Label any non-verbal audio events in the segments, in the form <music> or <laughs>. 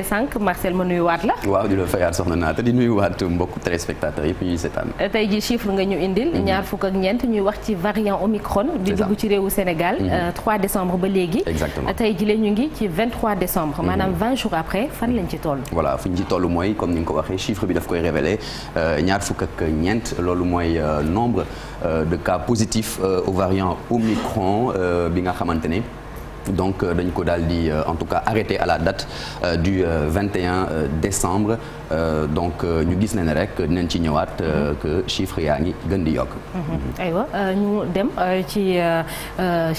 Eh, sànq Marcel ma nuyuwaat la. waaw di la fayaat soxna naa te di nuyuwaat mbokk téléspectateurs yëpp ñuy seetaan. Eh, tey jii chiffre nga ñu indil. Mhm. ñaar fukk ak ñeent ñuy wax ci variant Omicron. di dugg ci réewu Sénégal. 3 mhm. euh, décembre ba léegi. exactement eh, tey jii ñu ngi ci 23 décembre. Mhm. maanaam 20 jours après fan lañ ci toll. voilà fu ñu ci toll mooy comme ni nga ko waxee chiffre bi daf koy révélé euh, ñaar fukk ak ñeent loolu mooy euh, nombre de cas positifs au variant Omicron bi nga xamante ne. donc euh, dañ ko daal di euh, en tout cas arrêté à la date euh, du 21 décembre Euh, donc euh, ñu gis ne ne rek dinañ ci ñëwaat euh, mhm. que chiffre yaa ngi gën di yokk. Mhm. Mhm. aywa ñu dem ci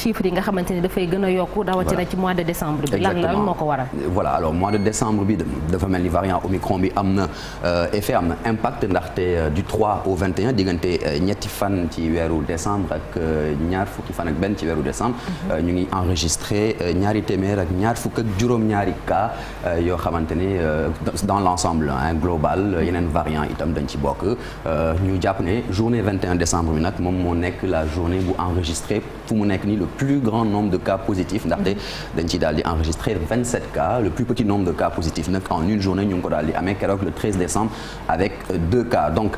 chiffre yi nga xamante ne dafay gën a yokk rawatina ci mois de décembre bi. lan lan moo ko bi dafa mel ni variant Omicron bi am na effet am na impact ndaxte du 3 au 21 diggante ñetti fan ci weeru décembre ak ñaar fukki fan ak benn ci weeru décembre. ñu ngi enregistré ñaari téeméer ak ñaar fukk ak juróom-ñaari cas yoo xamante ne dans l'ensemble hein global euh, yeneen variant itam dañ ci bokk euh, ñu jàpp ne journée 21 décembre bi nag moom moo nekk la journée bu enregistré fu mu nekk nii le plus grand nombre de cas dañ ci daal di enregistré 27 cas le plus petit nombre de cas positifs nag en di amee keroog le 13 décembre avec euh, deux cas donc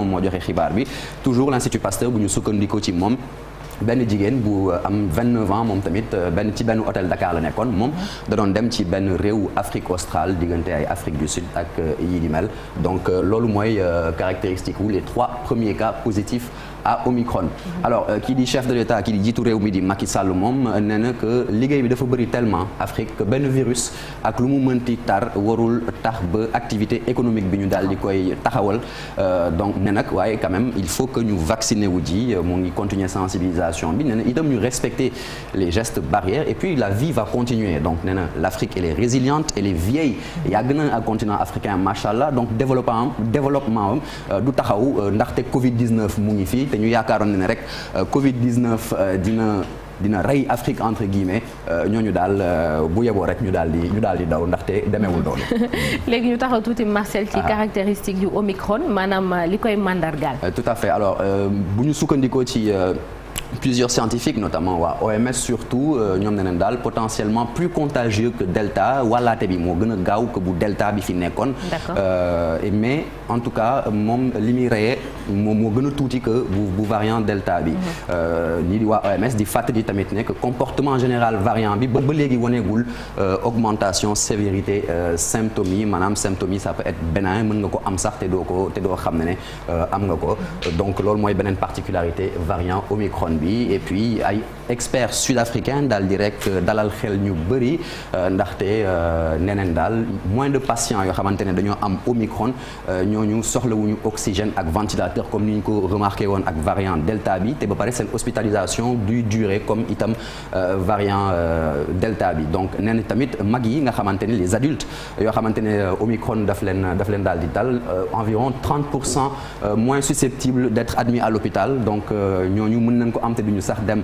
moom moo joxe xibaar bi toujours l'Institut Pasteur bu ñu sukkandikoo ci moom bu euh, am 29 moom tamit euh, benn ci benn hôtel Dakar la nekkoon moom da doon dem ci benn réew Afrique australe diggante ay Afrique du Sud ak euh, yi di mel donc loolu mooy caractéristique wu les trois premiers cas positifs à Omicron. alors kii euh, di chef de l'État kii di jiitu réew mi di Macky Sall moom euh, nee na que liggéey bi dafa bëri tellement Afrique que benn virus ak lu mu mënti tar warul tax ba activité économique bi ñu daal di koy taxawal euh, donc ne nag waaye quand même il faut que ñu vacciner wu ji mu ngi continuer sensibilisation bi nee itam ñu respecter les gestes barrières et puis la vie va continuer donc nee na l'Afrique elle est résiliente elle est vieille yàgg na ak continent africain machallah don développement développement du taxaw ndaxte Covid 19 mu ngi fii. te ñu yaakaaroon ne rek euh, Covid 19 euh, dina. dina rey Afrique entre guillemets euh, ñooñu daal bu yeboo rek ñu daal di ñu daal di daw ndaxte demeewul doon. <laughs> léegi ñu taxaw tuuti Marcel. ci ah. caractéristique yu Omicron maanaam li koy màndargaal. tout à fait alors bu ñu sukkandikoo ci. plusieurs scientifiques notamment waa OMS surtout euh, ñoom ne neen daal potentiellement plus contagieux que Delta wàllaate bi moo gën a gaaw que bu Delta bi fi nekkoon euh, mais en tout cas moom li muy reyee moom moo gën a tuuti que bu bu variant Delta bi mhm. euh, ñii di waa OMS di fàttali tamit ne que comportement général variant bi ba ba léegi waneegul augmentation sévérité symptômes yi maanaam symptômes yi ça peut être bénin mën nga ko am sax te doo ko te doo am nga mhm. donc loolu mooy beneen particularité bi et puis ay expert sud-africain daal di rek euh, dalal xel ñu bëri euh, ndaxte euh, neneen daal moins de patients yoo xamante ne dañoo am Omicron ñooñu soxlawuñu oxygène ak ventilateur comme ni ñu ko remarqué woon ak variant Delta bi te ba pare seen hospitalisation du durer comme itam variant Delta bi donc nee na tamit mag yi nga xamante ne les adultes yoo xamante ne Omicron daf leen daf leen daal di dal environ 30 pour cent moins susceptibles d'être admis à l'hôpital donc ñooñu mën nañ ko am te duñu sax dem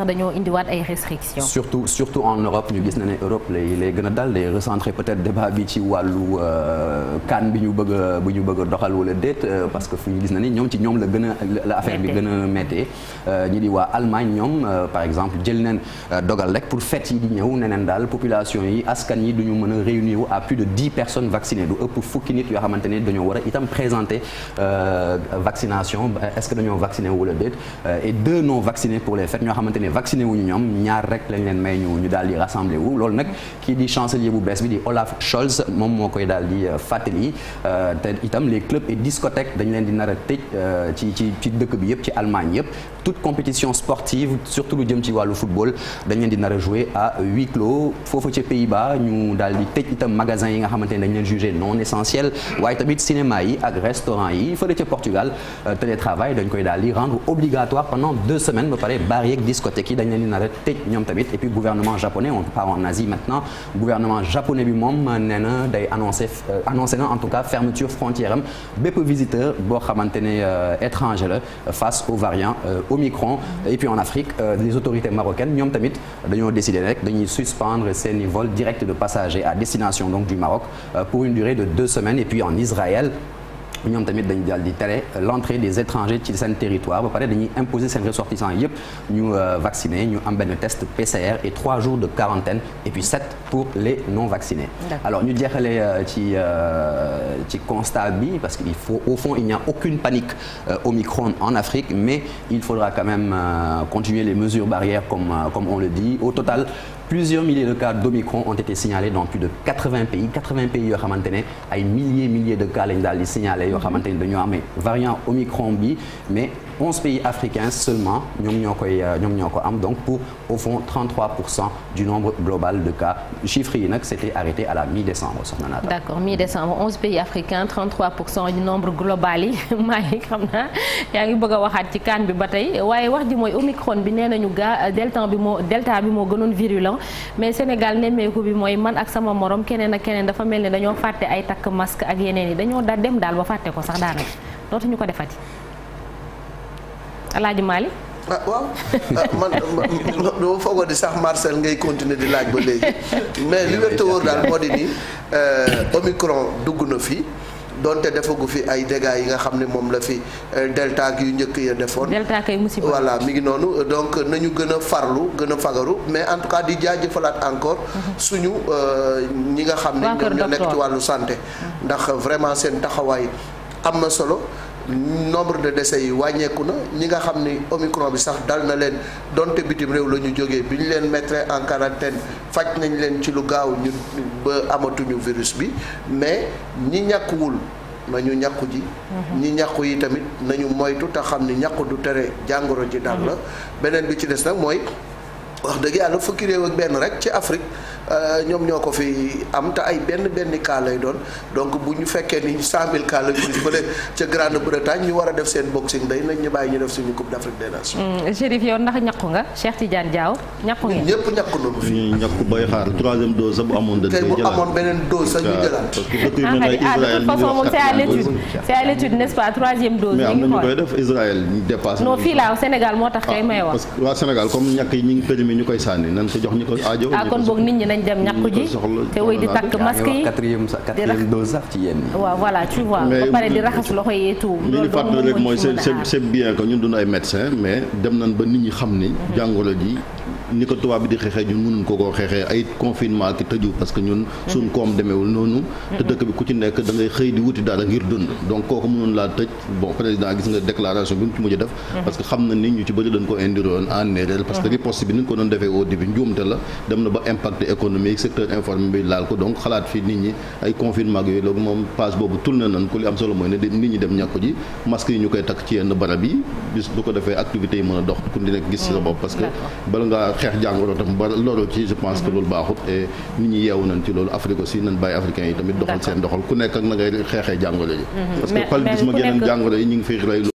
sax dañoo indiwaat ay restrictions. surtout surtout en Europe ñu gis na ne Europe lay lay gën a dal day peut-être débat bi ci wàllu kan euh, bi ñu bëgg a ñu bëgg doxal wala déet euh, parce que fu ñu gis na ni ñoom ci ñoom la gën a la affaire bi gën a méttee euh, ñi di waa Allemagne ñoom par exemple jël neen dogal rek pour fête yi di ñëw neneen daal population yi askan yi du ñu mën a réunir wu à plus de dix personnes vaccinées du ëpp fukki nit yoo xamante ne dañoo war a itam présenter vaccination est-ce que dañoo vacciné wala déet et deux ne vacciné wuñu ñoom ñaar rek lañ leen ñu ñu daal di rassemblé wu loolu nag kii di chancelier bu bees di Olaf Scholz moom moo koy daal di euh, fàttali euh, te itam les clubs et discothèques dañ leen di nar a tëj euh, ci ci dëkk bi yëpp ci Allemagne yëpp toute compétition sportive surtout lu jëm ci wàllu football dañ leen di nar a jouer à huis clos foofu ci pays ñu daal di tëj itam magasin yi nga xamante ne dañ leen jugé non essentiel waaye tamit cinéma yi ak restaurant yi fële ca côté kii dañ leen di nar a tëj ñoom tamit et puis gouvernement japonais on part en Asie maintenant gouvernement japonais bi moom nee na day annoncé euh, annoncé en tout cas fermeture frontière am bépp visiteur boo xamante ne euh, étranger la face au variant euh, Omicron et puis en Afrique les autorités marocaines ñoom tamit dañoo décidé rek dañuy suspendre seeni vol direct de passagers à destination du Maroc pour une durée de deux semaines et puis en Israël ñoom tamit dañu daal di tere l'entrée des étrangers ci seen territoire ba pare dañuy imposer seen ressortissants yëpp ñu euh, vacciné ñu am benn test PCR et trois jours de quarantaine et puis sept pour les non vaccinés alors ñu jeexale euh, ci euh, ci constat bi parce que il faut au fond il n'y a aucune panique Omicron en Afrique mais il faudra quand même continuer les mesures barrières comme comme on le dit au total plusieurs milliers de cas d'Omicron 11 pays africains seulement ñoom ñoo koy euh, ñoom ñoo ko am donc pour au fond 33 pour cent du nombre global de cas chiffres yi nag c'était arrêté à la décembre soxna Naata. d'accord du nombre global yi <laughs> maa ngi xam naa yaa ngi bëgg a waxaat ci kaan bi ba tey waaye wax ji mooy omicron bi nee nañu gaa delta bi moo delta bi moo gënoon virulent mais Sénégal nemmeeku bi mooy man ak sama morom keneen ak keneen dafa mel ni dañoo fàtte ay takk masque ak yeneen yi dañoo da dem daal ba fàtte ko sax daanaka Alaaji Malick ah waaw ah, man dama foogoo di sax Marcel ngay continuer di laaj ba léegi mais li wér te daal moo di euh, dugg na fi donte defagu fi ay dégâts yi nga xam ne moom la fi euh, delta ak yu njëkk ya defoon. delta kay musiba voilà mi ngi noonu donc nañu gën a farlu gën a fagaru mais en tout cas di jaajëfalaat encore. Mhm. suñu euh, ñi nga xam ne. ñoom nekk ci wàllu santé. Mhm. ndax vraiment seen taxawaay am na solo. nombre de décès yi wàññeeku na ñi nga xam ni omicron bi sax dal na leen donte bitim réew la ñu jógee bi ñu leen mettre en quarantaine faj nañ leen ci lu gaaw ñu ba amatuñu virus bi mais ñi ñàkkuwul nañu ñàkku ji mhm. ñi ñàkku yi tamit nañu moytu te xam ni ñàkku du tere jàngoro ji dal la mhm. beneen bi ci des nag mooy wax dëgg yàlla fukki réew ak benn rek ci Afrique euh, ñoom ñoo ko fi am te ay benn benn cas lay doon donc bu ñu fekkee ni cent mille cas la ñu fële ca bretagne ñu war a def seen boxing day nañ ñu bàyyi ñu def suñu Coupe d'Afrique des Nations. Mm, Chérif yow ndax ñàkku nga Cheikh Tidiane Diaw ñàkku ngeen. ñëpp ñàkku nañu fi. ñuy ñàkku bay xaar troisième dose sax bu amoon. dañ koy jëlaat bu ah, ah, na ñu koy def Israël Sénégal moo tax kay ah, may wax. waa Sénégal comme ñàkk yi ñu ngi mi ñu koy sànni nan ko jox ñu ko aajo. ah kon boog nit ñi nañ dem ñàkku ji te wéy di takk masque yi quatrième quatrième dose sax ci yéen waaw di raxas loxo yi tout li ñu mooy c'est c'est bien que ñun duñu médecin mais dem nañ ba nit ñi xam ni jàngoro ji ni ko tubaab bi di xeexee ñun mënuñ koo xeexee ay confinement ak tëju parce que ñun suñ koom demeewul noonu te dëkk bi ku ci nekk da xëy di wuti dara ngir dund donc kooku mënoon laa tëj bon président gis nga déclaration bi mu ci mujj def parce que xam na mhm. nit ñi dem ñàkku ji masque yi ñu koy takk ci yenn barab yi bis bu ko defee activités yi mën a dox ku nekk gis sa bopp parce que bala ngaa xeex jàngoro tam ba loolu ci je pense que loolu baaxut nit ñi yeewu nañ ci loolu Afrique aussi nañ bàyyi africains yi tamit doxal seen doxal ku nekk ak na jàngoro ji mhm. parce que paludisme geneen jàngoro yi ñu ngi fiy rey